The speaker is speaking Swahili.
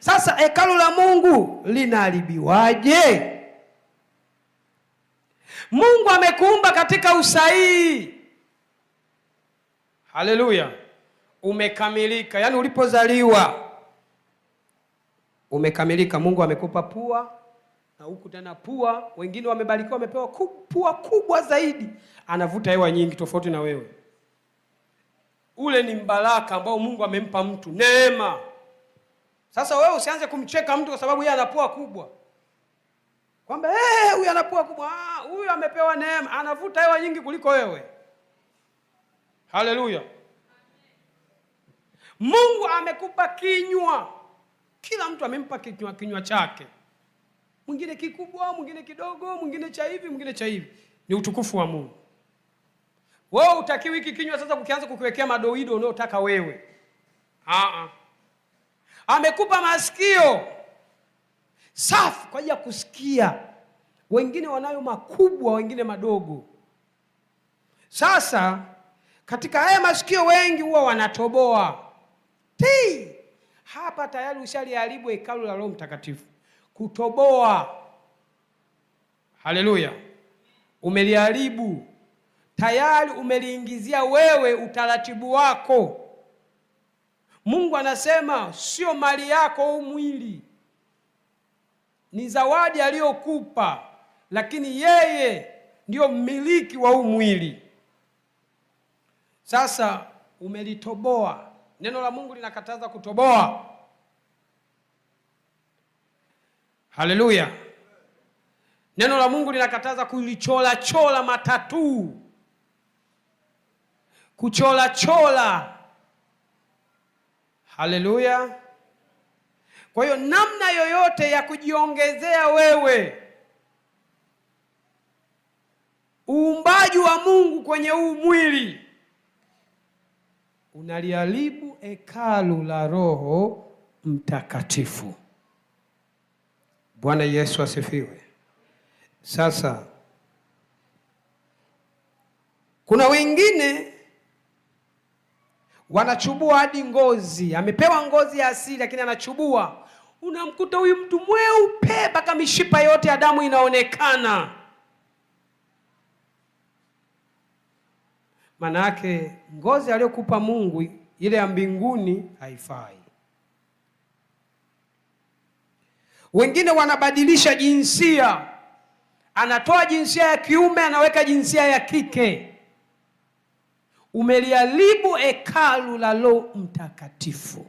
Sasa hekalu la Mungu linaharibiwaje? Mungu amekuumba katika usahihi. Haleluya, umekamilika. Yaani ulipozaliwa umekamilika. Mungu amekupa pua na huku tena pua. Wengine wamebarikiwa wamepewa pua kubwa zaidi, anavuta hewa nyingi tofauti na wewe. Ule ni mbaraka ambao Mungu amempa mtu, neema sasa wewe usianze kumcheka mtu kwa sababu yeye anapoa kubwa, kwamba eh, huyu hey, ana kubwa, ah, huyu amepewa neema, anavuta hewa nyingi kuliko wewe. Haleluya! Mungu amekupa kinywa, kila mtu amempa kinywa, kinywa chake, mwingine kikubwa, mwingine kidogo, mwingine cha hivi, mwingine cha hivi. Ni utukufu wa Mungu. Wewe utakiwi hiki kinywa sasa kukianza kukiwekea madoido unayotaka wewe. Ah-ah amekupa masikio safi kwa ajili ya kusikia. Wengine wanayo makubwa, wengine madogo. Sasa katika haya masikio wengi huwa wanatoboa ti Hapa tayari ushaliharibu hekalu la Roho Mtakatifu. Kutoboa, haleluya, umeliharibu tayari, umeliingizia wewe utaratibu wako Mungu anasema sio mali yako huu mwili, ni zawadi aliyokupa, lakini yeye ndiyo mmiliki wa huu mwili. Sasa umelitoboa. Neno la Mungu linakataza kutoboa. Haleluya! Neno la Mungu linakataza kulichola chola matatuu, kuchola chola Haleluya! Kwa hiyo namna yoyote ya kujiongezea wewe uumbaji wa Mungu kwenye huu mwili unaliharibu hekalu la Roho Mtakatifu. Bwana Yesu asifiwe. Sasa kuna wengine wanachubua hadi ngozi. Amepewa ngozi ya asili, lakini anachubua, unamkuta huyu mtu mweupe mpaka mishipa yote ya damu inaonekana. Maana yake ngozi aliyokupa Mungu ile ya mbinguni haifai. Wengine wanabadilisha jinsia, anatoa jinsia ya kiume, anaweka jinsia ya kike umeliharibu hekalu la Roho Mtakatifu.